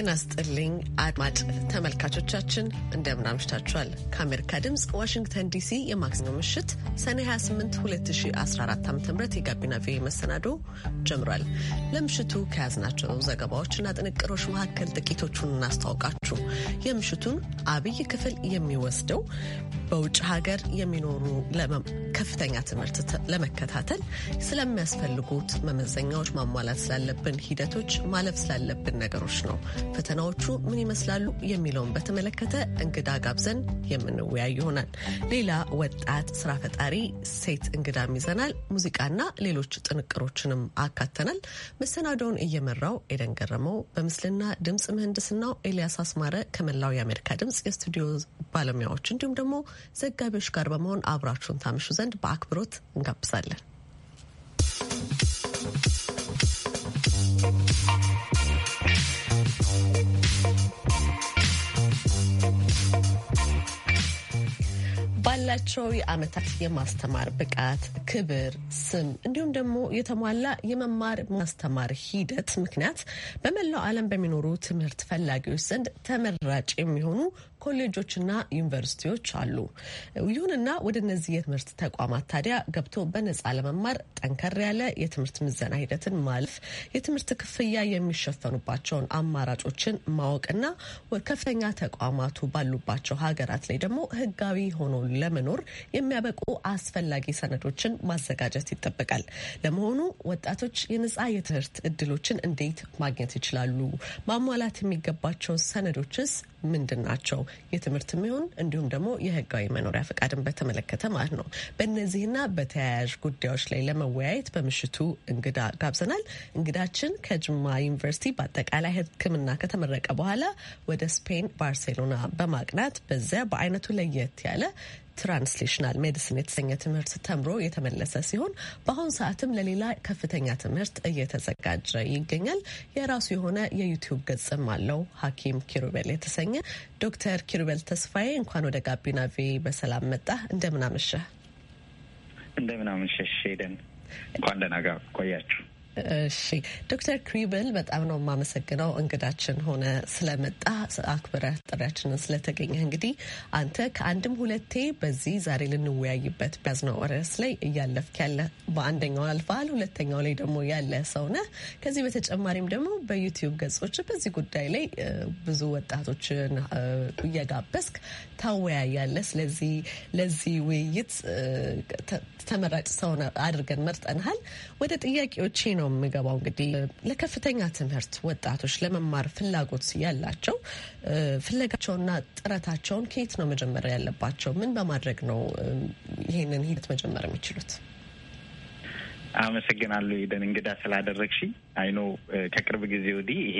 ጤና ስጥልኝ አድማጭ ተመልካቾቻችን እንደምን አምሽታችኋል። ከአሜሪካ ድምፅ ዋሽንግተን ዲሲ የማክሰኞ ምሽት ሰኔ 28 2014 ዓ ም የጋቢና ቪ መሰናዶ ጀምሯል። ለምሽቱ ከያዝናቸው ዘገባዎችና ጥንቅሮች መካከል ጥቂቶቹን እናስተዋውቃችሁ። የምሽቱን አብይ ክፍል የሚወስደው በውጭ ሀገር የሚኖሩ ከፍተኛ ትምህርት ለመከታተል ስለሚያስፈልጉት መመዘኛዎች ማሟላት ስላለብን ሂደቶች ማለፍ ስላለብን ነገሮች ነው። ፈተናዎቹ ምን ይመስላሉ የሚለውን በተመለከተ እንግዳ ጋብዘን የምንወያይ ይሆናል። ሌላ ወጣት ስራ ፈጣሪ ሴት እንግዳም ይዘናል። ሙዚቃና ሌሎች ጥንቅሮችንም አካተናል። መሰናዶውን እየመራው ኤደን ገረመው፣ በምስልና ድምፅ ምህንድስናው ኤልያስ አስማረ ከመላው የአሜሪካ ድምፅ የስቱዲዮ ባለሙያዎች እንዲሁም ደግሞ ዘጋቢዎች ጋር በመሆን አብራችሁን ታምሹ ዘንድ በአክብሮት እንጋብዛለን። ባላቸው የአመታት የማስተማር ብቃት፣ ክብር፣ ስም እንዲሁም ደግሞ የተሟላ የመማር ማስተማር ሂደት ምክንያት በመላው ዓለም በሚኖሩ ትምህርት ፈላጊዎች ዘንድ ተመራጭ የሚሆኑ ኮሌጆችና ዩኒቨርሲቲዎች አሉ። ይሁንና ወደ እነዚህ የትምህርት ተቋማት ታዲያ ገብቶ በነፃ ለመማር ጠንከር ያለ የትምህርት ምዘና ሂደትን ማለፍ፣ የትምህርት ክፍያ የሚሸፈኑባቸውን አማራጮችን ማወቅና ከፍተኛ ተቋማቱ ባሉባቸው ሀገራት ላይ ደግሞ ህጋዊ ሆኖ ለመኖር የሚያበቁ አስፈላጊ ሰነዶችን ማዘጋጀት ይጠበቃል። ለመሆኑ ወጣቶች የነጻ የትምህርት እድሎችን እንዴት ማግኘት ይችላሉ? ማሟላት የሚገባቸው ሰነዶችስ ምንድን ናቸው? የትምህርት የሚሆን እንዲሁም ደግሞ የህጋዊ መኖሪያ ፈቃድን በተመለከተ ማለት ነው። በእነዚህና በተያያዥ ጉዳዮች ላይ ለመወያየት በምሽቱ እንግዳ ጋብዘናል። እንግዳችን ከጅማ ዩኒቨርሲቲ በአጠቃላይ ህክምና ከተመረቀ በኋላ ወደ ስፔን ባርሴሎና በማቅናት በዚያ በአይነቱ ለየት ያለ ትራንስሌሽናል ሜዲሲን የተሰኘ ትምህርት ተምሮ የተመለሰ ሲሆን በአሁኑ ሰዓትም ለሌላ ከፍተኛ ትምህርት እየተዘጋጀ ይገኛል። የራሱ የሆነ የዩቲዩብ ገጽም አለው። ሐኪም ኪሩቤል የተሰኘ ዶክተር ኪሩቤል ተስፋዬ እንኳን ወደ ጋቢና ቪ በሰላም መጣ። እንደምን እንደምናመሸሽ ሄደን እንኳን ደህና ቆያችሁ። እሺ ዶክተር ክሪብል በጣም ነው የማመሰግነው እንግዳችን ሆነ ስለመጣ አክብረህ ጥሪያችንን ስለተገኘህ። እንግዲህ አንተ ከአንድም ሁለቴ በዚህ ዛሬ ልንወያይበት በያዝነው ርዕስ ላይ እያለፍክ ያለ በአንደኛው አልፋል ሁለተኛው ላይ ደግሞ ያለ ሰው ነህ። ከዚህ በተጨማሪም ደግሞ በዩቲዩብ ገጾች በዚህ ጉዳይ ላይ ብዙ ወጣቶችን እየጋበዝክ ታወያያለህ። ስለዚህ ለዚህ ውይይት ተመራጭ ሰው አድርገን መርጠንሃል። ወደ ጥያቄዎች ነው የምገባው። እንግዲህ ለከፍተኛ ትምህርት ወጣቶች ለመማር ፍላጎት ያላቸው ፍለጋቸውና ጥረታቸውን ከየት ነው መጀመር ያለባቸው? ምን በማድረግ ነው ይህንን ሂደት መጀመር የሚችሉት? አመሰግናለሁ ኤደን፣ እንግዳ ስላደረግሽ አይኖ ከቅርብ ጊዜ ወዲህ ይሄ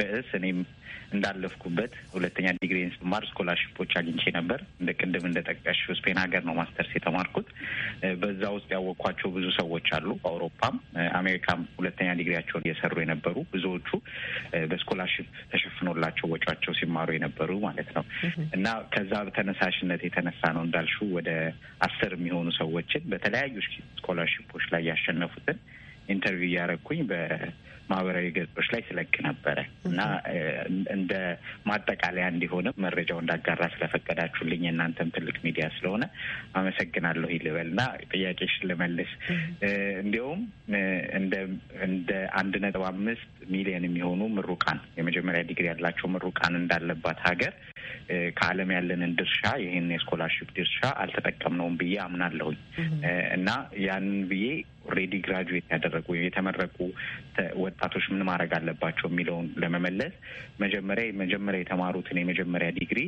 ርዕስ እኔም እንዳለፍኩበት ሁለተኛ ዲግሪን ስማር ስኮላርሽፖች አግኝቼ ነበር። እንደ ቅድም እንደጠቀስሽው ስፔን ሀገር ነው ማስተርስ የተማርኩት። በዛ ውስጥ ያወቅኳቸው ብዙ ሰዎች አሉ። አውሮፓም አሜሪካም ሁለተኛ ዲግሪያቸውን እየሰሩ የነበሩ ብዙዎቹ በስኮላርሽፕ ተሸፍኖላቸው ወጫቸው ሲማሩ የነበሩ ማለት ነው እና ከዛ ተነሳሽነት የተነሳ ነው እንዳልሹ ወደ አስር የሚሆኑ ሰዎችን በተለያዩ ስኮላርሽፖች ላይ ያሸነፉትን ኢንተርቪው እያደረግኩኝ በማህበራዊ ገጾች ላይ ስለቅ ነበረ እና እንደ ማጠቃለያ እንዲሆንም መረጃው እንዳጋራ ስለፈቀዳችሁልኝ እናንተም ትልቅ ሚዲያ ስለሆነ አመሰግናለሁ ይልበል እና ጥያቄሽን ልመልስ። እንዲሁም እንደ አንድ ነጥብ አምስት ሚሊዮን የሚሆኑ ምሩቃን የመጀመሪያ ዲግሪ ያላቸው ምሩቃን እንዳለባት ሀገር ከዓለም ያለንን ድርሻ ይህን የስኮላርሽፕ ድርሻ አልተጠቀምነውም ብዬ አምናለሁኝ እና ያንን ብዬ ኦልሬዲ ግራጁዌት ያደረጉ የተመረቁ ወጣቶች ምን ማድረግ አለባቸው የሚለውን ለመመለስ መጀመሪያ መጀመሪያ የተማሩትን የመጀመሪያ ዲግሪ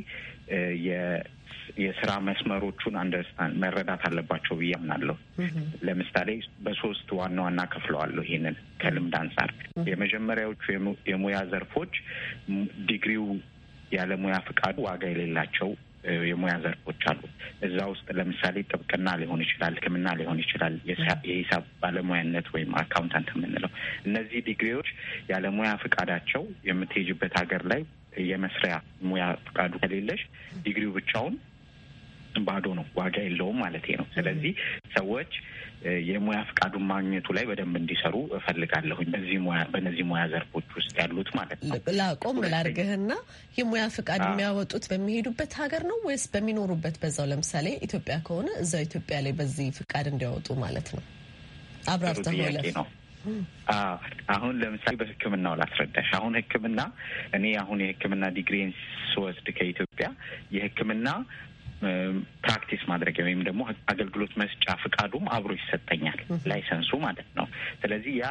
የስራ መስመሮቹን አንደርስታንድ መረዳት አለባቸው ብዬ አምናለሁ። ለምሳሌ በሶስት ዋና ዋና ከፍለዋለሁ ይህንን ከልምድ አንጻር የመጀመሪያዎቹ የሙያ ዘርፎች ዲግሪው ያለሙያ ፍቃዱ ዋጋ የሌላቸው የሙያ ዘርፎች አሉ። እዛ ውስጥ ለምሳሌ ጥብቅና ሊሆን ይችላል፣ ሕክምና ሊሆን ይችላል፣ የሂሳብ ባለሙያነት ወይም አካውንታንት የምንለው እነዚህ ዲግሪዎች ያለሙያ ፍቃዳቸው የምትሄጅበት ሀገር ላይ የመስሪያ ሙያ ፍቃዱ ከሌለሽ ዲግሪው ብቻውን ባዶ ነው፣ ዋጋ የለውም ማለት ነው። ስለዚህ ሰዎች የሙያ ፍቃዱን ማግኘቱ ላይ በደንብ እንዲሰሩ እፈልጋለሁኝ በዚህ ሙያ በእነዚህ ሙያ ዘርፎች ውስጥ ያሉት ማለት ነው። ላቆም ላርግህና የሙያ ፍቃድ የሚያወጡት በሚሄዱበት ሀገር ነው ወይስ በሚኖሩበት በዛው? ለምሳሌ ኢትዮጵያ ከሆነ እዛው ኢትዮጵያ ላይ በዚህ ፍቃድ እንዲያወጡ ማለት ነው። አብራርተህ ነው። አሁን ለምሳሌ በሕክምናው ላስረዳሽ። አሁን ሕክምና እኔ አሁን የሕክምና ዲግሪን ስወስድ ከኢትዮጵያ የሕክምና ፕራክቲስ ማድረጊያ ወይም ደግሞ አገልግሎት መስጫ ፍቃዱም አብሮ ይሰጠኛል፣ ላይሰንሱ ማለት ነው። ስለዚህ ያ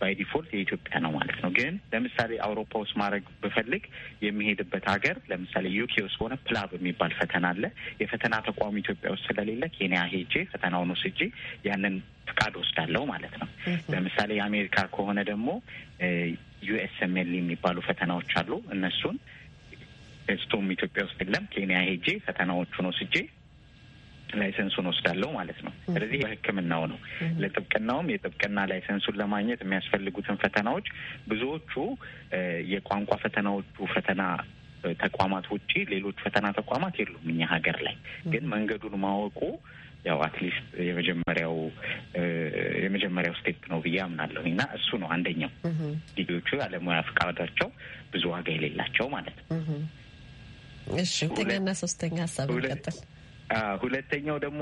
ባይ ዲፎልት የኢትዮጵያ ነው ማለት ነው። ግን ለምሳሌ አውሮፓ ውስጥ ማድረግ ብፈልግ የሚሄድበት ሀገር ለምሳሌ ዩኬ ውስጥ ሆነ ፕላብ የሚባል ፈተና አለ። የፈተና ተቋሙ ኢትዮጵያ ውስጥ ስለሌለ ኬንያ ሄጄ ፈተናውን ወስጄ ያንን ፍቃድ ወስዳለው ማለት ነው። ለምሳሌ የአሜሪካ ከሆነ ደግሞ ዩኤስኤምኤል የሚባሉ ፈተናዎች አሉ እነሱን እስቱም ኢትዮጵያ ውስጥ የለም። ኬንያ ሄጄ ፈተናዎቹን ወስጄ ላይሰንሱን ወስዳለሁ ማለት ነው። ስለዚህ በሕክምናው ነው ለጥብቅናውም የጥብቅና ላይሰንሱን ለማግኘት የሚያስፈልጉትን ፈተናዎች ብዙዎቹ የቋንቋ ፈተናዎቹ ፈተና ተቋማት ውጪ ሌሎች ፈተና ተቋማት የሉም እኛ ሀገር ላይ ግን መንገዱን ማወቁ ያው አትሊስት የመጀመሪያው የመጀመሪያው ስቴፕ ነው ብዬ አምናለሁ እና እሱ ነው አንደኛው ልጆቹ ያለሙያ ፈቃዳቸው ብዙ ዋጋ የሌላቸው ማለት ነው። እሺ ሁለተኛና ሶስተኛ ሀሳብ ሁለተኛው ደግሞ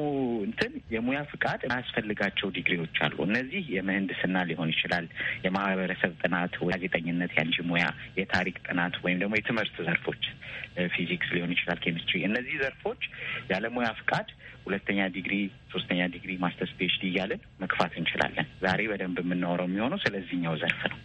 እንትን የሙያ ፍቃድ ማያስፈልጋቸው ዲግሪዎች አሉ። እነዚህ የምህንድስና ሊሆን ይችላል፣ የማህበረሰብ ጥናት፣ ጋዜጠኝነት፣ ያንቺ ሙያ የታሪክ ጥናት ወይም ደግሞ የትምህርት ዘርፎች ፊዚክስ ሊሆን ይችላል፣ ኬሚስትሪ። እነዚህ ዘርፎች ያለ ሙያ ፍቃድ ሁለተኛ ዲግሪ፣ ሶስተኛ ዲግሪ፣ ማስተርስ፣ ፒኤችዲ እያልን መግፋት እንችላለን። ዛሬ በደንብ የምናወረው የሚሆነው ስለዚህኛው ዘርፍ ነው።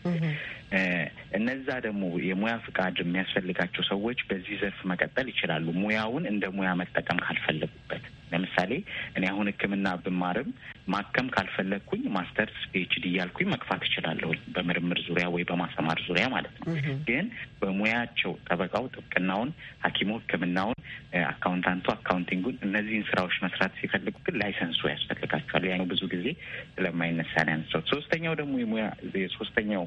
እነዛ ደግሞ የሙያ ፍቃድ የሚያስፈልጋቸው ሰዎች በዚህ ዘርፍ መቀጠል ይችላሉ። ሙያውን እንደ ሙያ መጠቀም ካልፈለጉበት፣ ለምሳሌ እኔ አሁን ሕክምና ብማርም ማከም ካልፈለግኩኝ ማስተርስ ፒኤችዲ እያልኩኝ መግፋት እችላለሁኝ በምርምር ዙሪያ ወይ በማሰማር ዙሪያ ማለት ነው። ግን በሙያቸው ጠበቃው ጥብቅናውን፣ ሐኪሙ ሕክምናውን፣ አካውንታንቱ አካውንቲንጉን፣ እነዚህን ስራዎች መስራት ሲፈልጉ ግን ላይሰንሱ ያስፈልጋቸዋል። ያ ብዙ ጊዜ ስለማይነሳ ያነሳት ሶስተኛው ደግሞ የሙያ የሶስተኛው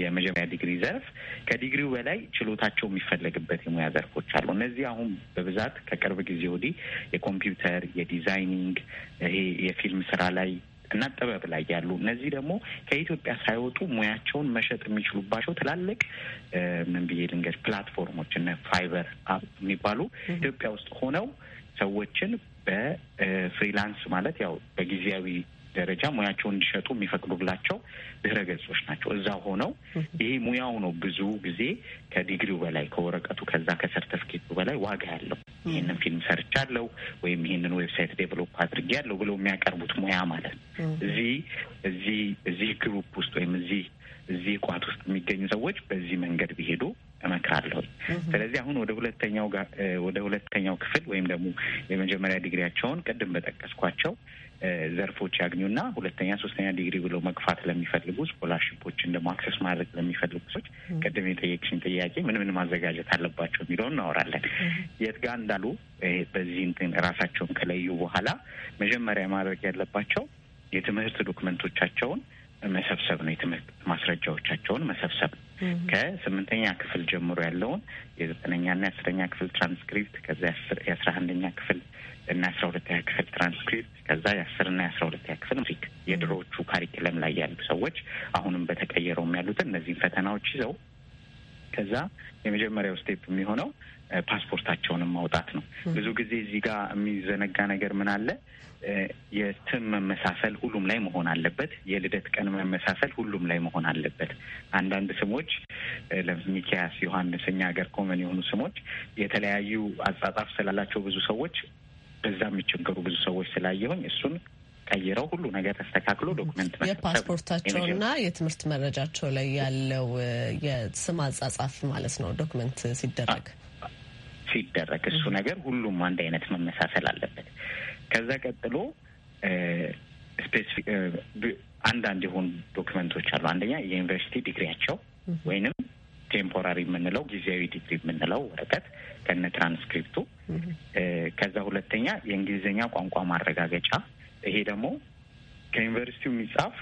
የመጀመሪያ ዲግሪ ዘርፍ ከዲግሪው በላይ ችሎታቸው የሚፈለግበት የሙያ ዘርፎች አሉ። እነዚህ አሁን በብዛት ከቅርብ ጊዜ ወዲህ የኮምፒውተር፣ የዲዛይኒንግ፣ ይሄ የፊልም ስራ ላይ እና ጥበብ ላይ ያሉ እነዚህ ደግሞ ከኢትዮጵያ ሳይወጡ ሙያቸውን መሸጥ የሚችሉባቸው ትላልቅ ምን ብዬ ልንገድ ፕላትፎርሞች እነ ፋይበር አፕ የሚባሉ ኢትዮጵያ ውስጥ ሆነው ሰዎችን በፍሪላንስ ማለት ያው በጊዜያዊ ደረጃ ሙያቸውን እንዲሸጡ የሚፈቅዱላቸው ድህረ ገጾች ናቸው። እዛ ሆነው ይሄ ሙያው ነው ብዙ ጊዜ ከዲግሪው በላይ ከወረቀቱ ከዛ ከሰርተፍኬቱ በላይ ዋጋ ያለው ይህንን ፊልም ሰርቻለሁ ወይም ይህንን ዌብሳይት ዴቨሎፕ አድርጌያለሁ ብለው የሚያቀርቡት ሙያ ማለት ነው። እዚህ እዚህ እዚህ ግሩፕ ውስጥ ወይም እዚህ እዚህ ቋት ውስጥ የሚገኙ ሰዎች በዚህ መንገድ ቢሄዱ እመክራለሁ። ስለዚህ አሁን ወደ ሁለተኛው ወደ ሁለተኛው ክፍል ወይም ደግሞ የመጀመሪያ ዲግሪያቸውን ቅድም በጠቀስኳቸው ዘርፎች ያግኙና ሁለተኛ፣ ሶስተኛ ዲግሪ ብሎ መግፋት ለሚፈልጉ ስኮላርሽፖችን ደግሞ አክሰስ ማድረግ ለሚፈልጉ ሰዎች ቅድም የጠየቅሽኝ ጥያቄ ምን ምን ማዘጋጀት አለባቸው የሚለው እናወራለን። የት ጋር እንዳሉ በዚህ እንትን ራሳቸውን ከለዩ በኋላ መጀመሪያ ማድረግ ያለባቸው የትምህርት ዶክመንቶቻቸውን መሰብሰብ ነው። የትምህርት ማስረጃዎቻቸውን መሰብሰብ ከስምንተኛ ክፍል ጀምሮ ያለውን የዘጠነኛና የአስረኛ ክፍል ትራንስክሪፕት ከዚያ የአስራ አንደኛ ክፍል እና የአስራ ሁለተኛ ክፍል ትራንስክሪፕት ከዛ የአስርና የአስራ ሁለተኛ ክፍል ፊክ የድሮዎቹ ካሪክለም ላይ ያሉ ሰዎች አሁንም በተቀየረውም ያሉትን እነዚህን ፈተናዎች ይዘው ከዛ የመጀመሪያው ስቴፕ የሚሆነው ፓስፖርታቸውንም ማውጣት ነው። ብዙ ጊዜ እዚህ ጋር የሚዘነጋ ነገር ምን አለ? የስም መመሳሰል ሁሉም ላይ መሆን አለበት። የልደት ቀን መመሳሰል ሁሉም ላይ መሆን አለበት። አንዳንድ ስሞች ሚኪያስ፣ ዮሐንስ እኛ ሀገር ኮመን የሆኑ ስሞች የተለያዩ አጻጻፍ ስላላቸው ብዙ ሰዎች በዛ የሚቸገሩ ብዙ ሰዎች ስላየሁኝ እሱን ቀይረው ሁሉ ነገር ተስተካክሎ ዶክመንት የፓስፖርታቸውና የትምህርት መረጃቸው ላይ ያለው የስም አጻጻፍ ማለት ነው። ዶክመንት ሲደረግ ሲደረግ እሱ ነገር ሁሉም አንድ አይነት መመሳሰል አለበት። ከዛ ቀጥሎ ስፔሲፊክ አንዳንድ የሆኑ ዶክመንቶች አሉ። አንደኛ የዩኒቨርሲቲ ዲግሪያቸው ወይንም ቴምፖራሪ የምንለው ጊዜያዊ ዲግሪ የምንለው ወረቀት ከነ ትራንስክሪፕቱ፣ ከዛ ሁለተኛ የእንግሊዝኛ ቋንቋ ማረጋገጫ። ይሄ ደግሞ ከዩኒቨርሲቲው የሚጻፍ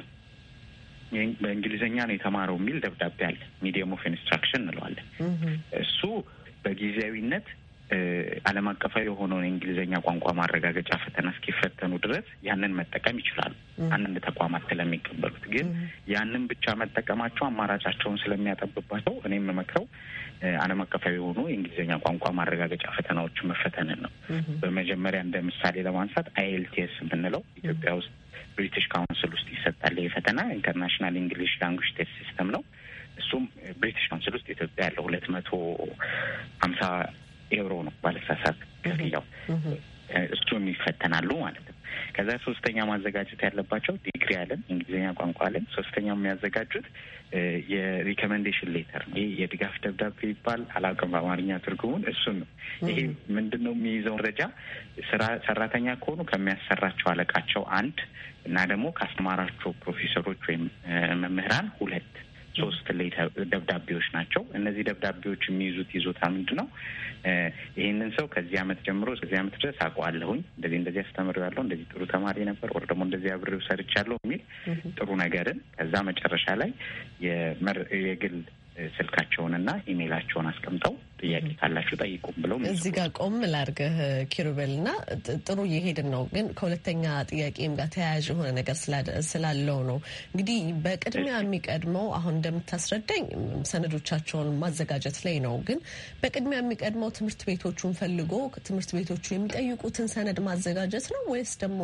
በእንግሊዝኛ ነው የተማረው የሚል ደብዳቤ አለ። ሚዲየም ኦፍ ኢንስትራክሽን እንለዋለን። እሱ በጊዜያዊነት ዓለም አቀፋዊ የሆነውን የእንግሊዝኛ ቋንቋ ማረጋገጫ ፈተና እስኪፈተኑ ድረስ ያንን መጠቀም ይችላሉ። አንዳንድ ተቋማት ስለሚቀበሉት ግን ያንን ብቻ መጠቀማቸው አማራጫቸውን ስለሚያጠብባቸው እኔ የምመክረው ዓለም አቀፋዊ የሆኑ የእንግሊዝኛ ቋንቋ ማረጋገጫ ፈተናዎችን መፈተንን ነው። በመጀመሪያ እንደ ምሳሌ ለማንሳት አይኤልቲኤስ የምንለው ኢትዮጵያ ውስጥ ብሪቲሽ ካውንስል ውስጥ ይሰጣል። ይህ ፈተና ኢንተርናሽናል እንግሊሽ ላንጉጅ ቴስት ሲስተም ነው። እሱም ብሪቲሽ ካውንስል ውስጥ ኢትዮጵያ ያለው ሁለት መቶ ሀምሳ ኤውሮ ነው ባለሳሳት ክፍያው እሱም ይፈተናሉ ማለት ነው። ከዛ ሶስተኛ ማዘጋጀት ያለባቸው ዲግሪ አለን እንግሊዝኛ ቋንቋ አለን። ሶስተኛው የሚያዘጋጁት የሪኮመንዴሽን ሌተር ነው። ይህ የድጋፍ ደብዳቤ ይባል አላውቅም በአማርኛ ትርጉሙን። እሱን ነው ይሄ ምንድን ነው የሚይዘው መረጃ ስራ ሰራተኛ ከሆኑ ከሚያሰራቸው አለቃቸው አንድ እና ደግሞ ካስተማራቸው ፕሮፌሰሮች ወይም መምህራን ሁለት ሶስት ደብዳቤዎች ናቸው። እነዚህ ደብዳቤዎች የሚይዙት ይዞታ ምንድን ነው? ይህንን ሰው ከዚህ አመት ጀምሮ እስከዚህ አመት ድረስ አውቀዋለሁኝ፣ እንደዚህ እንደዚህ ያለው እንደዚህ ጥሩ ተማሪ ነበር፣ ወር ደግሞ እንደዚህ አብሬው ሰርቻለሁ የሚል ጥሩ ነገርን ከዛ መጨረሻ ላይ የግል እና ኢሜይላቸውን አስቀምጠው ጥያቄ ካላችሁ ጠይቁም ብለው እዚህ ጋር ቆም ላድርግህ ኪሩቤል እና ጥሩ እየሄድን ነው፣ ግን ከሁለተኛ ጥያቄም ጋር ተያያዥ የሆነ ነገር ስላለው ነው። እንግዲህ በቅድሚያ የሚቀድመው አሁን እንደምታስረዳኝ ሰነዶቻቸውን ማዘጋጀት ላይ ነው፣ ግን በቅድሚያ የሚቀድመው ትምህርት ቤቶቹን ፈልጎ ትምህርት ቤቶቹ የሚጠይቁትን ሰነድ ማዘጋጀት ነው ወይስ ደግሞ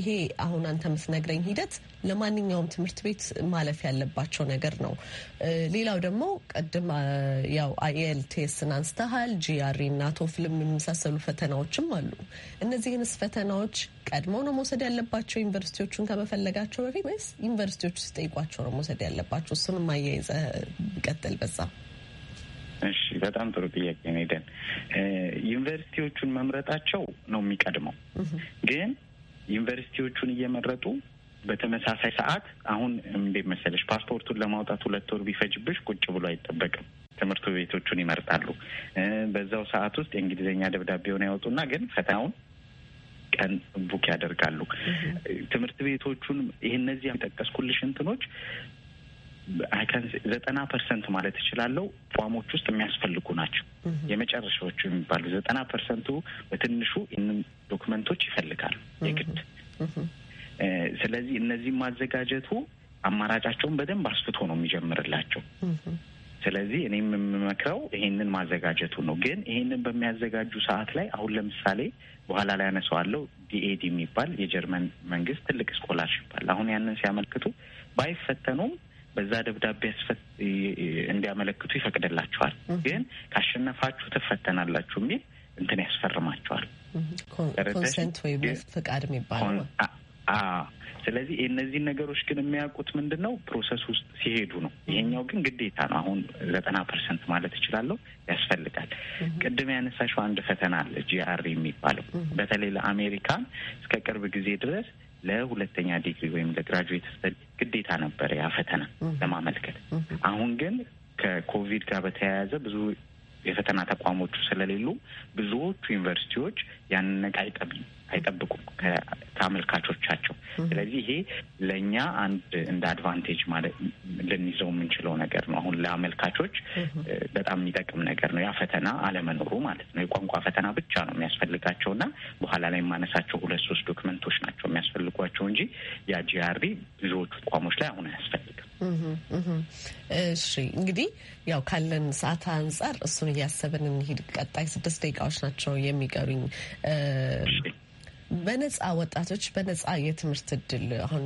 ይሄ አሁን አንተ የምትነግረኝ ሂደት ለማንኛውም ትምህርት ቤት ማለፍ ያለባቸው ነገር ነው? ሌላው ደግሞ ቅድም ያው አይኤልቲኤስን አንስተሃል፣ ጂአሪ እና ቶፍልም የሚመሳሰሉ ፈተናዎችም አሉ። እነዚህንስ ፈተናዎች ቀድመው ነው መውሰድ ያለባቸው ዩኒቨርሲቲዎቹን ከመፈለጋቸው በፊት ወይስ ዩኒቨርሲቲዎቹ ሲጠይቋቸው ነው መውሰድ ያለባቸው? እሱንም አያይዘ ቀጥል በዛ። እሺ፣ በጣም ጥሩ ጥያቄ ነው። ሄደን ዩኒቨርሲቲዎቹን መምረጣቸው ነው የሚቀድመው ግን ዩኒቨርሲቲዎቹን እየመረጡ በተመሳሳይ ሰዓት አሁን እንዴት መሰለሽ ፓስፖርቱን ለማውጣት ሁለት ወር ቢፈጅብሽ ቁጭ ብሎ አይጠበቅም። ትምህርት ቤቶቹን ይመርጣሉ። በዛው ሰዓት ውስጥ የእንግሊዝኛ ደብዳቤውን ያወጡና ግን ፈተናውን ቀን ቡክ ያደርጋሉ። ትምህርት ቤቶቹን ይህ እነዚህ ያጠቀስኩልሽ እንትኖች ዘጠና ፐርሰንት ማለት እችላለሁ ፏሞች ውስጥ የሚያስፈልጉ ናቸው። የመጨረሻዎቹ የሚባሉ ዘጠና ፐርሰንቱ በትንሹ ይህንን ዶክመንቶች ይፈልጋሉ የግድ ስለዚህ እነዚህ ማዘጋጀቱ አማራጫቸውን በደንብ አስፍቶ ነው የሚጀምርላቸው። ስለዚህ እኔም የምመክረው ይሄንን ማዘጋጀቱ ነው። ግን ይሄንን በሚያዘጋጁ ሰዓት ላይ አሁን ለምሳሌ በኋላ ላይ ያነሰዋለው ዲኤድ የሚባል የጀርመን መንግስት ትልቅ ስኮላርሽፕ አለ። አሁን ያንን ሲያመልክቱ ባይፈተኑም በዛ ደብዳቤ ያስፈት እንዲያመለክቱ ይፈቅድላቸዋል። ግን ካሸነፋችሁ ትፈተናላችሁ የሚል እንትን ያስፈርማቸዋል። ኮንሰንት ወይም ፍቃድ የሚባል ስለዚህ እነዚህን ነገሮች ግን የሚያውቁት ምንድን ነው ፕሮሰስ ውስጥ ሲሄዱ ነው። ይሄኛው ግን ግዴታ ነው። አሁን ዘጠና ፐርሰንት ማለት እችላለሁ ያስፈልጋል። ቅድም ያነሳሽው አንድ ፈተና አለ ጂአር የሚባለው በተለይ ለአሜሪካን እስከ ቅርብ ጊዜ ድረስ ለሁለተኛ ዲግሪ ወይም ለግራጁዌት ስተዲ ግዴታ ነበረ ያ ፈተና ለማመልከት። አሁን ግን ከኮቪድ ጋር በተያያዘ ብዙ የፈተና ተቋሞቹ ስለሌሉ ብዙዎቹ ዩኒቨርሲቲዎች ያንን ነገር አይጠብም አይጠብቁም ከአመልካቾቻቸው። ስለዚህ ይሄ ለእኛ አንድ እንደ አድቫንቴጅ ማለት ልንይዘው የምንችለው ነገር ነው። አሁን ለአመልካቾች በጣም የሚጠቅም ነገር ነው ያ ፈተና አለመኖሩ ማለት ነው። የቋንቋ ፈተና ብቻ ነው የሚያስፈልጋቸው እና በኋላ ላይ የማነሳቸው ሁለት ሶስት ዶክመንቶች ናቸው የሚያስፈልጓቸው እንጂ ያ ጂአሪ ብዙዎቹ ተቋሞች ላይ አሁን አያስፈልግም። እሺ እንግዲህ ያው ካለን ሰዓት አንጻር እሱን እያሰብን እንሂድ። ቀጣይ ስድስት ደቂቃዎች ናቸው የሚቀሩኝ። በነፃ ወጣቶች በነፃ የትምህርት እድል አሁን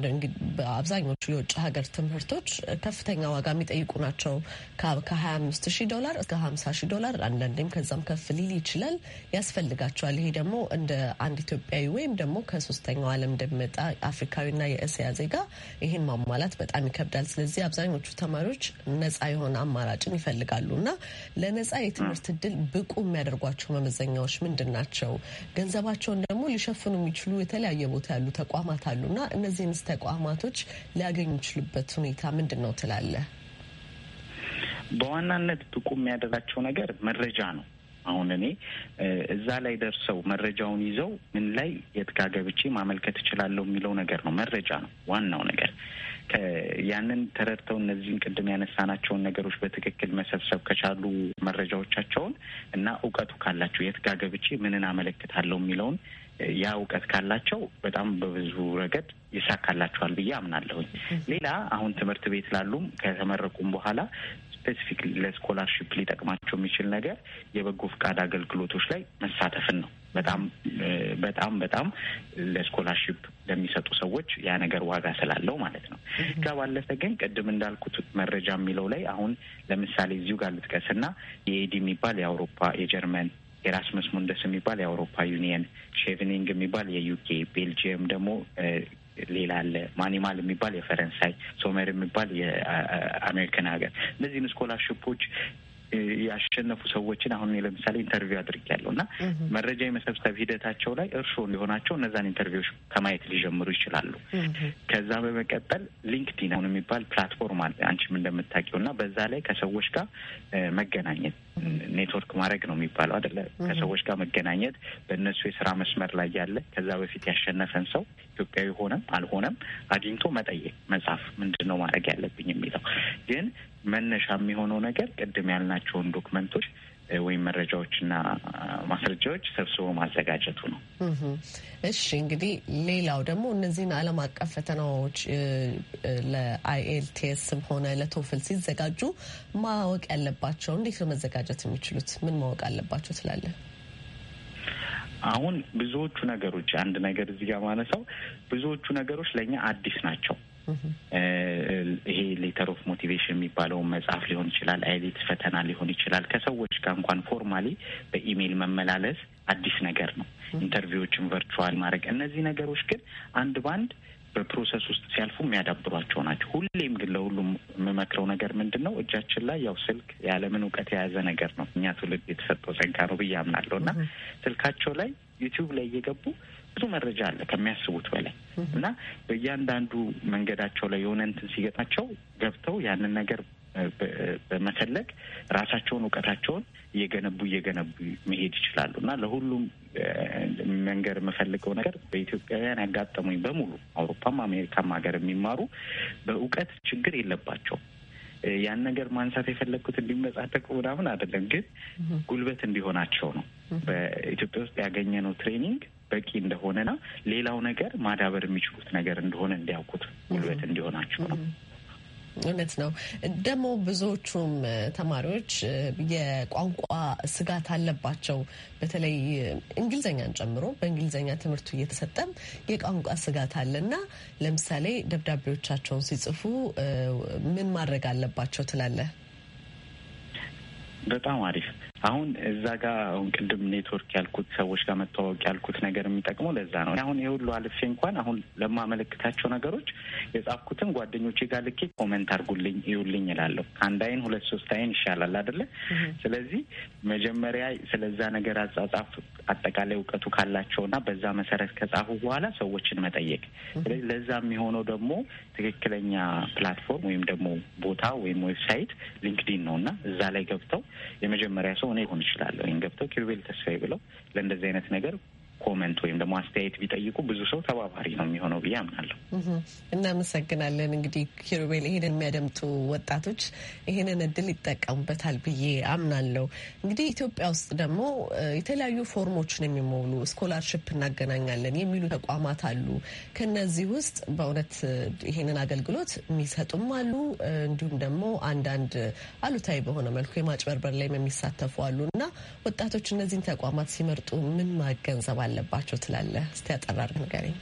በአብዛኞቹ የውጭ ሀገር ትምህርቶች ከፍተኛ ዋጋ የሚጠይቁ ናቸው። ከ25 ሺህ ዶላር እስከ 50 ሺህ ዶላር አንዳንዴም ከዛም ከፍ ሊል ይችላል ያስፈልጋቸዋል። ይሄ ደግሞ እንደ አንድ ኢትዮጵያዊ ወይም ደግሞ ከሶስተኛው ዓለም እንደሚመጣ አፍሪካዊና የእስያ ዜጋ ይህን ማሟላት በጣም ይከብዳል። ስለዚህ አብዛኞቹ ተማሪዎች ነፃ የሆነ አማራጭን ይፈልጋሉ እና ለነፃ የትምህርት እድል ብቁ የሚያደርጓቸው መመዘኛዎች ምንድን ናቸው? ገንዘባቸውን ደግሞ ሊሸፍኑ ሊሆኑ የሚችሉ የተለያየ ቦታ ያሉ ተቋማት አሉና እነዚህንስ ተቋማቶች ሊያገኙ ይችሉበት ሁኔታ ምንድን ነው ትላለህ? በዋናነት ብቁ የሚያደርጋቸው ነገር መረጃ ነው። አሁን እኔ እዛ ላይ ደርሰው መረጃውን ይዘው ምን ላይ የት ጋ ገብቼ ማመልከት እችላለሁ የሚለው ነገር ነው። መረጃ ነው ዋናው ነገር። ያንን ተረድተው እነዚህን ቅድም ያነሳናቸውን ነገሮች በትክክል መሰብሰብ ከቻሉ መረጃዎቻቸውን እና እውቀቱ ካላቸው የት ጋ ገብቼ ምንን አመለክታለሁ የሚለውን ያ እውቀት ካላቸው በጣም በብዙ ረገድ ይሳካላቸዋል ብዬ አምናለሁኝ። ሌላ አሁን ትምህርት ቤት ላሉም ከተመረቁም በኋላ ስፔሲፊክ ለስኮላርሽፕ ሊጠቅማቸው የሚችል ነገር የበጎ ፍቃድ አገልግሎቶች ላይ መሳተፍን ነው። በጣም በጣም በጣም ለስኮላርሽፕ ለሚሰጡ ሰዎች ያ ነገር ዋጋ ስላለው ማለት ነው። ከዛ ባለፈ ግን ቅድም እንዳልኩት መረጃ የሚለው ላይ አሁን ለምሳሌ እዚሁ ጋር ልጥቀስና የኤዲ የሚባል የአውሮፓ የጀርመን የራስመስ ሙንደስ የሚባል የአውሮፓ ዩኒየን፣ ሼቭኒንግ የሚባል የዩኬ፣ ቤልጅየም ደግሞ ሌላ አለ ማኒማል የሚባል የፈረንሳይ፣ ሶመር የሚባል የአሜሪካን ሀገር እነዚህን ስኮላርሽፖች ያሸነፉ ሰዎችን አሁን ለምሳሌ ኢንተርቪው አድርጌያለሁ እና መረጃ የመሰብሰብ ሂደታቸው ላይ እርሾ እንዲሆናቸው እነዛን ኢንተርቪዎች ከማየት ሊጀምሩ ይችላሉ። ከዛ በመቀጠል ሊንክዲን አሁን የሚባል ፕላትፎርም አለ አንቺም እንደምታውቂው እና በዛ ላይ ከሰዎች ጋር መገናኘት ኔትወርክ ማድረግ ነው የሚባለው አደለ? ከሰዎች ጋር መገናኘት በእነሱ የስራ መስመር ላይ ያለ ከዛ በፊት ያሸነፈን ሰው ኢትዮጵያዊ ሆነም አልሆነም አግኝቶ መጠየቅ፣ መጻፍ ምንድን ነው ማድረግ ያለብኝ የሚለው ግን መነሻ የሚሆነው ነገር ቅድም ያልናቸውን ዶክመንቶች ወይም መረጃዎችና ማስረጃዎች ሰብስቦ ማዘጋጀቱ ነው። እሺ እንግዲህ ሌላው ደግሞ እነዚህን ዓለም አቀፍ ፈተናዎች ለአይኤልቲኤስም ሆነ ለቶፍል ሲዘጋጁ ማወቅ ያለባቸው እንዴት ነው መዘጋጀት የሚችሉት? ምን ማወቅ አለባቸው ትላለህ? አሁን ብዙዎቹ ነገሮች አንድ ነገር እዚህ ጋር ማነሳው ብዙዎቹ ነገሮች ለእኛ አዲስ ናቸው። ይሄ ሌተር ኦፍ ሞቲቬሽን የሚባለውን መጽሐፍ ሊሆን ይችላል፣ አይሌት ፈተና ሊሆን ይችላል። ከሰዎች ጋር እንኳን ፎርማሊ በኢሜይል መመላለስ አዲስ ነገር ነው። ኢንተርቪዎችን ቨርቹዋል ማድረግ፣ እነዚህ ነገሮች ግን አንድ ባንድ በፕሮሰስ ውስጥ ሲያልፉ የሚያዳብሯቸው ናቸው። ሁሌም ግን ለሁሉም የምመክረው ነገር ምንድን ነው? እጃችን ላይ ያው ስልክ የዓለምን እውቀት የያዘ ነገር ነው። እኛ ትውልድ የተሰጠው ጸጋ ነው ብዬ አምናለሁ እና ስልካቸው ላይ ዩቲዩብ ላይ እየገቡ ብዙ መረጃ አለ ከሚያስቡት በላይ እና በእያንዳንዱ መንገዳቸው ላይ የሆነ እንትን ሲገጣቸው ገብተው ያንን ነገር በመፈለግ ራሳቸውን እውቀታቸውን እየገነቡ እየገነቡ መሄድ ይችላሉ እና ለሁሉም መንገድ የምፈልገው ነገር በኢትዮጵያውያን ያጋጠሙኝ በሙሉ አውሮፓም አሜሪካም ሀገር የሚማሩ በእውቀት ችግር የለባቸውም። ያን ነገር ማንሳት የፈለግኩት እንዲመጻደቁ ምናምን አይደለም፣ ግን ጉልበት እንዲሆናቸው ነው። በኢትዮጵያ ውስጥ ያገኘነው ትሬኒንግ በቂ እንደሆነና ሌላው ነገር ማዳበር የሚችሉት ነገር እንደሆነ እንዲያውቁት ጉልበት እንዲሆናቸው ነው። እውነት ነው። ደግሞ ብዙዎቹም ተማሪዎች የቋንቋ ስጋት አለባቸው። በተለይ እንግሊዝኛን ጨምሮ በእንግሊዝኛ ትምህርቱ እየተሰጠም የቋንቋ ስጋት አለ እና ለምሳሌ ደብዳቤዎቻቸውን ሲጽፉ ምን ማድረግ አለባቸው ትላለህ? በጣም አሪፍ አሁን እዛ ጋር አሁን ቅድም ኔትወርክ ያልኩት ሰዎች ጋር መተዋወቅ ያልኩት ነገር የሚጠቅመው ለዛ ነው። አሁን የሁሉ ሁሉ አልፌ እንኳን አሁን ለማመለክታቸው ነገሮች የጻፍኩትን ጓደኞቼ ጋር ልኬ ኮመንት አድርጉልኝ ይዩልኝ ይላለሁ። አንድ አይን ሁለት ሶስት አይን ይሻላል አደለ? ስለዚህ መጀመሪያ ስለዛ ነገር አጻጻፍ አጠቃላይ እውቀቱ ካላቸውና በዛ መሰረት ከጻፉ በኋላ ሰዎችን መጠየቅ። ስለዚህ ለዛ የሚሆነው ደግሞ ትክክለኛ ፕላትፎርም ወይም ደግሞ ቦታ ወይም ዌብሳይት ሊንክዲን ነው እና እዛ ላይ ገብተው የመጀመሪያ ሰው ሆነ ይሆን ይችላለሁ ወይም ገብተው ኪሩቤል ተስፋዬ ብለው ለእንደዚህ አይነት ነገር ኮመንት ወይም ደግሞ አስተያየት ቢጠይቁ ብዙ ሰው ተባባሪ ነው የሚሆነው ብዬ አምናለሁ። እናመሰግናለን። እንግዲህ ኪሩቤል፣ ይህንን የሚያደምጡ ወጣቶች ይህንን እድል ይጠቀሙበታል ብዬ አምናለሁ። እንግዲህ ኢትዮጵያ ውስጥ ደግሞ የተለያዩ ፎርሞችን የሚሞሉ ስኮላርሽፕ እናገናኛለን የሚሉ ተቋማት አሉ። ከነዚህ ውስጥ በእውነት ይህንን አገልግሎት የሚሰጡም አሉ፣ እንዲሁም ደግሞ አንዳንድ አሉታዊ በሆነ መልኩ የማጭበርበር ላይም የሚሳተፉ አሉ እና ወጣቶች እነዚህን ተቋማት ሲመርጡ ምን ማገንዘብ አለ አለባቸው ትላለህ? እስቲ ያጠራር ንገረኝ።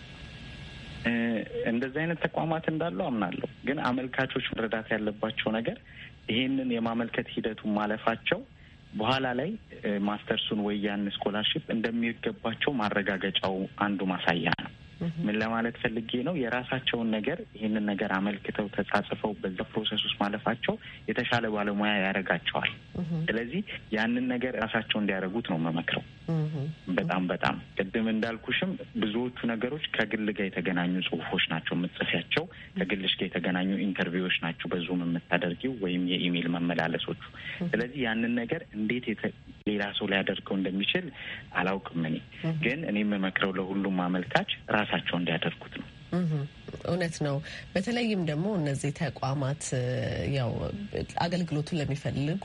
እንደዚህ አይነት ተቋማት እንዳሉ አምናለሁ። ግን አመልካቾች መረዳት ያለባቸው ነገር ይሄንን የማመልከት ሂደቱን ማለፋቸው በኋላ ላይ ማስተርሱን ወይ ያን ስኮላርሽፕ እንደሚገባቸው ማረጋገጫው አንዱ ማሳያ ነው። ምን ለማለት ፈልጌ ነው፣ የራሳቸውን ነገር ይህንን ነገር አመልክተው ተጻጽፈው በዛ ፕሮሰስ ውስጥ ማለፋቸው የተሻለ ባለሙያ ያደርጋቸዋል። ስለዚህ ያንን ነገር ራሳቸው እንዲያደርጉት ነው መመክረው። በጣም በጣም ቅድም እንዳልኩሽም ብዙዎቹ ነገሮች ከግል ጋር የተገናኙ ጽሁፎች ናቸው የምትጽፊያቸው፣ ከግልሽ ጋር የተገናኙ ኢንተርቪዎች ናቸው በዙም የምታደርጊው ወይም የኢሜይል መመላለሶቹ። ስለዚህ ያንን ነገር እንዴት ሌላ ሰው ሊያደርገው እንደሚችል አላውቅም። እኔ ግን እኔ የምመክረው ለሁሉም አመልካች ራሳቸው እንዲያደርጉት ነው። እውነት ነው። በተለይም ደግሞ እነዚህ ተቋማት ያው አገልግሎቱን ለሚፈልጉ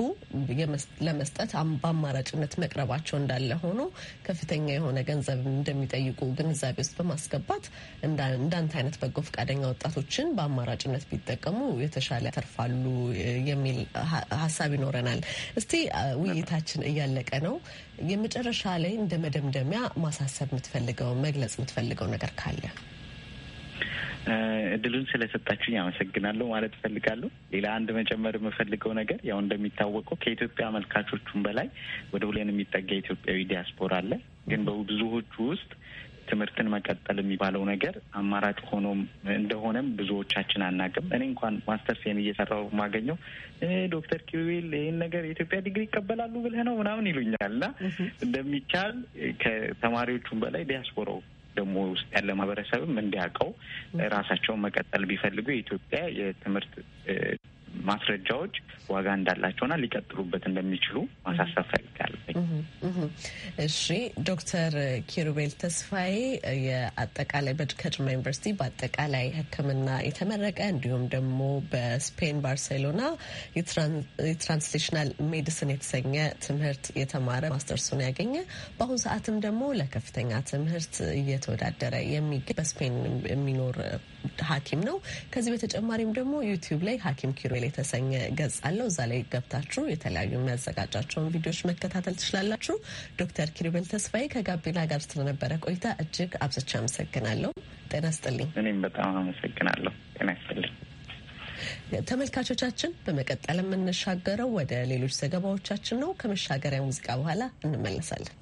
ለመስጠት በአማራጭነት መቅረባቸው እንዳለ ሆኖ ከፍተኛ የሆነ ገንዘብ እንደሚጠይቁ ግንዛቤ ውስጥ በማስገባት እንዳንተ አይነት በጎ ፈቃደኛ ወጣቶችን በአማራጭነት ቢጠቀሙ የተሻለ ተርፋሉ የሚል ሀሳብ ይኖረናል። እስቲ ውይይታችን እያለቀ ነው። የመጨረሻ ላይ እንደ መደምደሚያ ማሳሰብ የምትፈልገው መግለጽ የምትፈልገው ነገር ካለ እድሉን ስለሰጣችሁኝ አመሰግናለሁ ማለት እፈልጋለሁ። ሌላ አንድ መጨመር የምፈልገው ነገር ያው እንደሚታወቀው ከኢትዮጵያ አመልካቾቹም በላይ ወደ ሁሌን የሚጠጋ ኢትዮጵያዊ ዲያስፖራ አለ። ግን በብዙዎቹ ውስጥ ትምህርትን መቀጠል የሚባለው ነገር አማራጭ ሆኖም እንደሆነም ብዙዎቻችን አናቅም እኔ እንኳን ማስተር ሴን እየሰራው ማገኘው ዶክተር ኪቤል ይህን ነገር የኢትዮጵያ ዲግሪ ይቀበላሉ ብለህ ነው ምናምን ይሉኛል እና እንደሚቻል ከተማሪዎቹም በላይ ዲያስፖራው ደግሞ ውስጥ ያለ ማህበረሰብም እንዲያውቀው ራሳቸውን መቀጠል ቢፈልጉ የኢትዮጵያ የትምህርት ማስረጃዎች ዋጋ እንዳላቸውና ሊቀጥሉበት እንደሚችሉ ማሳሰብ ፈልጋለኝ። እሺ ዶክተር ኪሩቤል ተስፋዬ የአጠቃላይ ከጅማ ዩኒቨርሲቲ በአጠቃላይ ሕክምና የተመረቀ እንዲሁም ደግሞ በስፔን ባርሴሎና የትራንስሌሽናል ሜዲሲን የተሰኘ ትምህርት የተማረ ማስተርሱን ያገኘ በአሁኑ ሰዓትም ደግሞ ለከፍተኛ ትምህርት እየተወዳደረ የሚገኝ በስፔን የሚኖር ሐኪም ነው። ከዚህ በተጨማሪም ደግሞ ዩቲዩብ ላይ ሐኪም ኪሩቤል የተሰኘ ገጽ አለው። እዛ ላይ ገብታችሁ የተለያዩ የሚያዘጋጃቸውን ቪዲዮዎች መከታተል ትችላላችሁ። ዶክተር ኪሪቤል ተስፋዬ ከጋቢና ጋር ስለነበረ ቆይታ እጅግ አብዝቻ አመሰግናለሁ። ጤና ስጥልኝ። እኔም በጣም አመሰግናለሁ። ጤና ስጥልኝ። ተመልካቾቻችን በመቀጠል የምንሻገረው ወደ ሌሎች ዘገባዎቻችን ነው። ከመሻገሪያ ሙዚቃ በኋላ እንመለሳለን።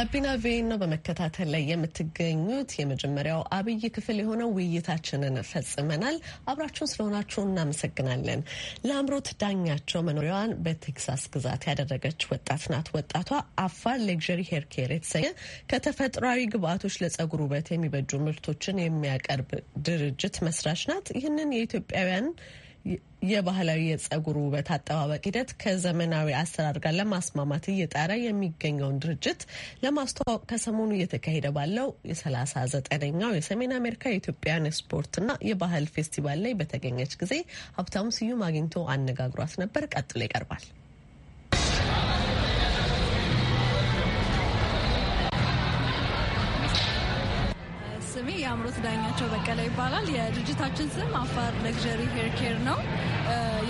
ጋቢና ቬን ነው በመከታተል ላይ የምትገኙት። የመጀመሪያው አብይ ክፍል የሆነው ውይይታችንን ፈጽመናል። አብራችሁን ስለሆናችሁ እናመሰግናለን። ለአምሮት ዳኛቸው መኖሪያዋን በቴክሳስ ግዛት ያደረገች ወጣት ናት። ወጣቷ አፋር ሌግዥሪ ሄር ኬር የተሰኘ ከተፈጥሯዊ ግብአቶች ለጸጉር ውበት የሚበጁ ምርቶችን የሚያቀርብ ድርጅት መስራች ናት። ይህንን የኢትዮጵያውያን የባህላዊ የጸጉር ውበት አጠባበቅ ሂደት ከዘመናዊ አሰራር ጋር ለማስማማት እየጣረ የሚገኘውን ድርጅት ለማስተዋወቅ ከሰሞኑ እየተካሄደ ባለው የሰላሳ ዘጠነኛው የሰሜን አሜሪካ የኢትዮጵያን ስፖርትና የባህል ፌስቲቫል ላይ በተገኘች ጊዜ ሀብታሙ ስዩም አግኝቶ አነጋግሯት ነበር። ቀጥሎ ይቀርባል። የአእምሮት ዳኛቸው በቀለ ይባላል። የድርጅታችን ስም አፋር ለግዠሪ ሄር ኬር ነው።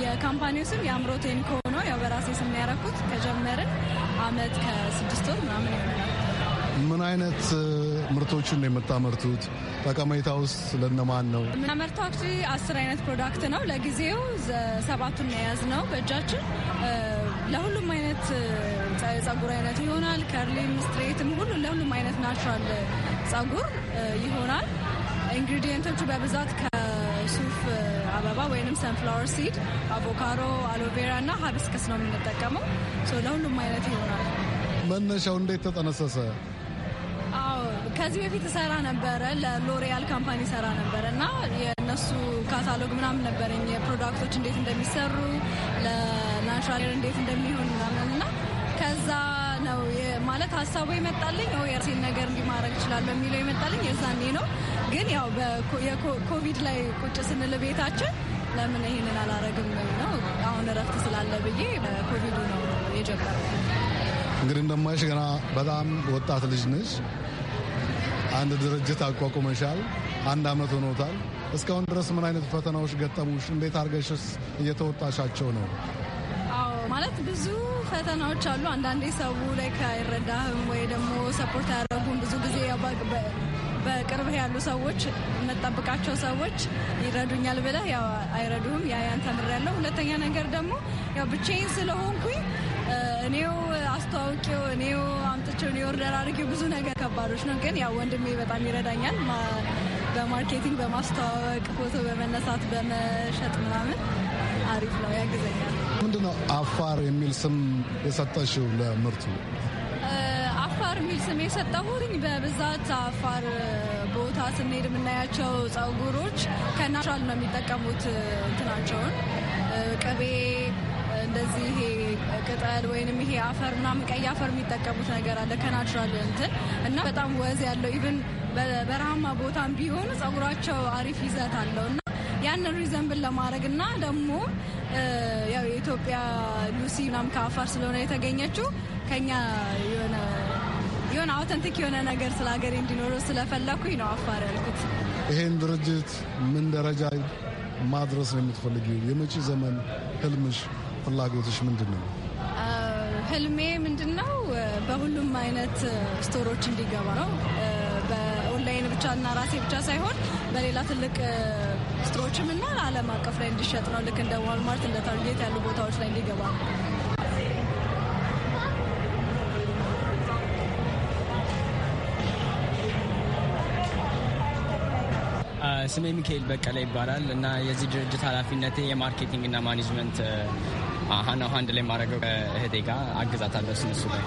የካምፓኒው ስም የአእምሮት ኤንኮ ነው። ያው በራሴ ስም ያረኩት ከጀመርን አመት ከስድስት ወር ምናምን ይሆናል። ምን አይነት ምርቶችን ነው የምታመርቱት? ጠቀሜታ ውስጥ ለነማን ነው የምናመርተው? አክቹዋሊ አስር አይነት ፕሮዳክት ነው ለጊዜው ሰባቱን የያዝ ነው በእጃችን ለሁሉም አይነት ጸጉር አይነት ይሆናል። ከርሊም፣ ስትሬትም ሁሉ ለሁሉም አይነት ናቹራል ጸጉር ይሆናል። ኢንግሪዲየንቶቹ በብዛት ከሱፍ አበባ ወይም ሰንፍላወር ሲድ፣ አቮካዶ፣ አሎቬራ እና ሀብስክስ ነው የምንጠቀመው። ለሁሉም አይነት ይሆናል። መነሻው እንዴት ተጠነሰሰ? ከዚህ በፊት እሰራ ነበረ። ለሎሪያል ካምፓኒ ሰራ ነበረ እና የእነሱ ካታሎግ ምናምን ነበረኝ የፕሮዳክቶች እንዴት እንደሚሰሩ ፋይናንሻል እንዴት እንደሚሆን ምናምን እና ከዛ ነው ማለት ሀሳቡ የመጣልኝ የራሴን ነገር እንዲማድረግ ይችላል በሚለው የመጣልኝ የዛኔ ነው። ግን ያው የኮቪድ ላይ ቁጭ ስንል ቤታችን ለምን ይህንን አላረግም ነው አሁን እረፍት ስላለ ብዬ ኮቪዱ ነው የጀመረው። እንግዲህ እንደማይሽ ገና በጣም ወጣት ልጅ ነች። አንድ ድርጅት አቋቁመሻል። አንድ አመት ሆኖታል። እስካሁን ድረስ ምን አይነት ፈተናዎች ገጠሙሽ? እንዴት አድርገሽስ እየተወጣሻቸው ነው? ማለት ብዙ ፈተናዎች አሉ። አንዳንዴ ሰው ላይ አይረዳህም ወይ ደግሞ ሰፖርት አያደረጉም። ብዙ ጊዜ በቅርብ ያሉ ሰዎች የምጠብቃቸው ሰዎች ይረዱኛል ብለህ ያው አይረዱህም። ያ ያን ተምሬያለሁ። ሁለተኛ ነገር ደግሞ ያው ብቻዬን ስለሆንኩኝ እኔው አስተዋውቂው እኔው አምጥቼው እኔ ወርደር አድርጌው ብዙ ነገር ከባዶች ነው። ግን ያው ወንድሜ በጣም ይረዳኛል በማርኬቲንግ በማስተዋወቅ ፎቶ በመነሳት በመሸጥ ምናምን አሪፍ ነው ያግዘኛል። ምንድነው አፋር የሚል ስም የሰጠሽው ለምርቱ? አፋር የሚል ስም የሰጠሁኝ በብዛት አፋር ቦታ ስንሄድ የምናያቸው ጸጉሮች ከናቹራል ነው የሚጠቀሙት እንትናቸውን ቅቤ እንደዚህ ይሄ ቅጠል ወይንም ይሄ አፈር ምናምን ቀይ አፈር የሚጠቀሙት ነገር አለ ከናቹራል እንትን እና በጣም ወዝ ያለው ኢቭን በረሃማ ቦታም ቢሆን ጸጉራቸው አሪፍ ይዘት አለው እና ያንን ሪዘንብን ለማድረግ እና ደግሞ ያው የኢትዮጵያ ሉሲ ምናምን ከአፋር ስለሆነ የተገኘችው ከኛ የሆነ የሆነ አውተንቲክ የሆነ ነገር ስለ ሀገር እንዲኖረው ስለፈለኩኝ ነው አፋር ያልኩት። ይሄን ድርጅት ምን ደረጃ ማድረስ ነው የምትፈልጊ? የመጪ ዘመን ህልምሽ፣ ፍላጎትሽ ምንድን ነው? ህልሜ ምንድን ነው? በሁሉም አይነት ስቶሮች እንዲገባ ነው። በኦንላይን ብቻ እና ራሴ ብቻ ሳይሆን በሌላ ትልቅ ስቶሮችም እና ዓለም አቀፍ ላይ እንዲሸጥ ነው። ልክ እንደ ዋልማርት እንደ ታርጌት ያሉ ቦታዎች ላይ እንዲገባ ነው። ስሜ ሚካኤል በቀለ ይባላል እና የዚህ ድርጅት ኃላፊነቴ የማርኬቲንግ እና ማኔጅመንት ሀናው አንድ ላይ ማድረገው እህቴ ጋር አግዛታለሁ እሱ ላይ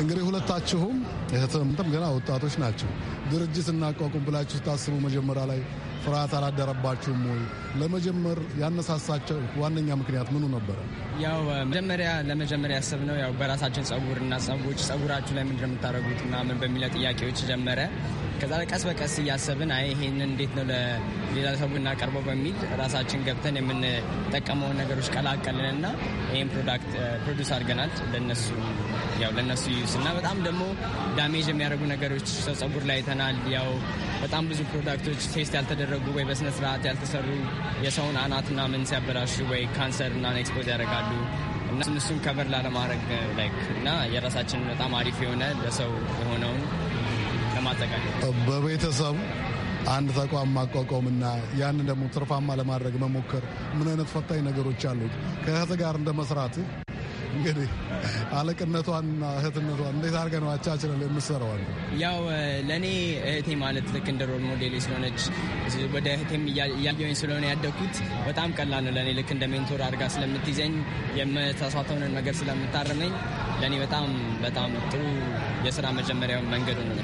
እንግዲህ ሁለታችሁም የተተምተም ገና ወጣቶች ናቸው። ድርጅት እናቋቁም ብላችሁ ስታስቡ መጀመሪያ ላይ ፍርሃት አላደረባችሁም ወይ? ለመጀመር ያነሳሳቸው ዋነኛ ምክንያት ምኑ ነበረ? ያው መጀመሪያ ለመጀመር ያሰብነው ያው በራሳችን ጸጉር እና ጸጉች ጸጉራችሁ ላይ ምንድን የምታደርጉት ምናምን በሚለው ጥያቄዎች ጀመረ። ከዛ ቀስ በቀስ እያሰብን አይ ይሄን እንዴት ነው ለሌላ ሰው እናቀርበው በሚል ራሳችን ገብተን የምንጠቀመውን ነገሮች ቀላቀልን እና ይህም ፕሮዳክት ፕሮዲስ አድርገናል ለነሱ ያው ለእነሱ ዩዝ እና በጣም ደግሞ ዳሜጅ የሚያደርጉ ነገሮች ሰው ጸጉር ላይ አይተናል። ያው በጣም ብዙ ፕሮዳክቶች ቴስት ያልተደረጉ ወይ በስነ ስርዓት ያልተሰሩ የሰውን አናትና ምን ሲያበላሹ ወይ ካንሰር እና ኤክስፖዝ ያደርጋሉ እና እሱን ከበር ላለማድረግ ላይክ እና የራሳችንን በጣም አሪፍ የሆነ ለሰው የሆነውን ለማዘጋጀት በቤተሰብ አንድ ተቋም ማቋቋምና ያንን ደግሞ ትርፋማ ለማድረግ መሞከር ምን አይነት ፈታኝ ነገሮች አሉት? ከእህት ጋር እንደ መስራት እንግዲህ አለቅነቷንና እህትነቷን እንዴት አድርገህ ነው አቻችለን የምትሰራዋል? ያው ለእኔ እህቴ ማለት ልክ እንደ ሮል ሞዴል ስለሆነች ወደ እህቴም እያየኝ ስለሆነ ያደግኩት በጣም ቀላል ነው ለእኔ ልክ እንደ ሜንቶር አድርጋ ስለምትይዘኝ የምተሳሳተውን ነገር ስለምታርመኝ ለእኔ በጣም በጣም ጥሩ የስራ መጀመሪያ መንገዱ ነው።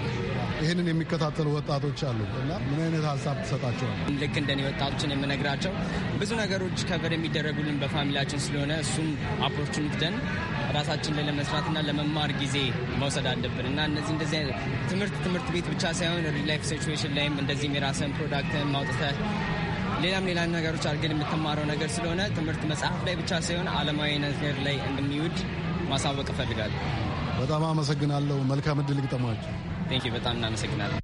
ይህንን የሚከታተሉ ወጣቶች አሉ እና ምን አይነት ሀሳብ ትሰጣቸዋል? ልክ እንደኔ ወጣቶችን የምነግራቸው ብዙ ነገሮች ከበር የሚደረጉልን በፋሚሊያችን ስለሆነ እሱም አፖርቹኒቲ ደን ራሳችን ላይ ለመስራትና ለመማር ጊዜ መውሰድ አለብን እና እነዚህ እንደዚህ ትምህርት ትምህርት ቤት ብቻ ሳይሆን ሪል ላይፍ ሲቹዌሽን ላይም እንደዚህም የራስን ፕሮዳክትን ማውጣት ሌላም ሌላ ነገሮች አድርገን የምትማረው ነገር ስለሆነ ትምህርት መጽሐፍ ላይ ብቻ ሳይሆን አለማዊ ነገር ላይ እንደሚውድ ማሳወቅ እፈልጋለሁ። በጣም አመሰግናለሁ። መልካም እድል ግጠማቸው። Thank you, but I'm not sick now.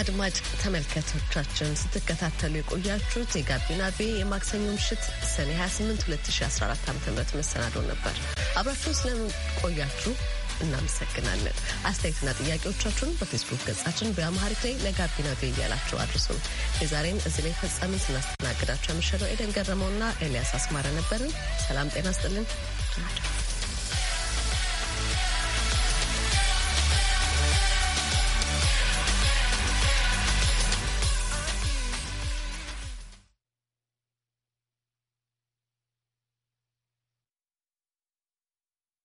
አድማጭ ተመልካቾቻችን ስትከታተሉ የቆያችሁት የጋቢና ቤ የማክሰኞ ምሽት ሰኔ 28 2014 ዓ ም መሰናዶ ነበር። አብራችሁን ስለቆያችሁ እናመሰግናለን። አስተያየትና ጥያቄዎቻችሁን በፌስቡክ ገጻችን በአማሃሪክ ላይ ለጋቢና ቤ እያላችሁ አድርሱ። የዛሬን እዚህ ላይ ፈጻምን። ስናስተናግዳቸው የምሸለው ኤደን ገረመውና ኤልያስ አስማረ ነበርን። ሰላም ጤና ስጥልን።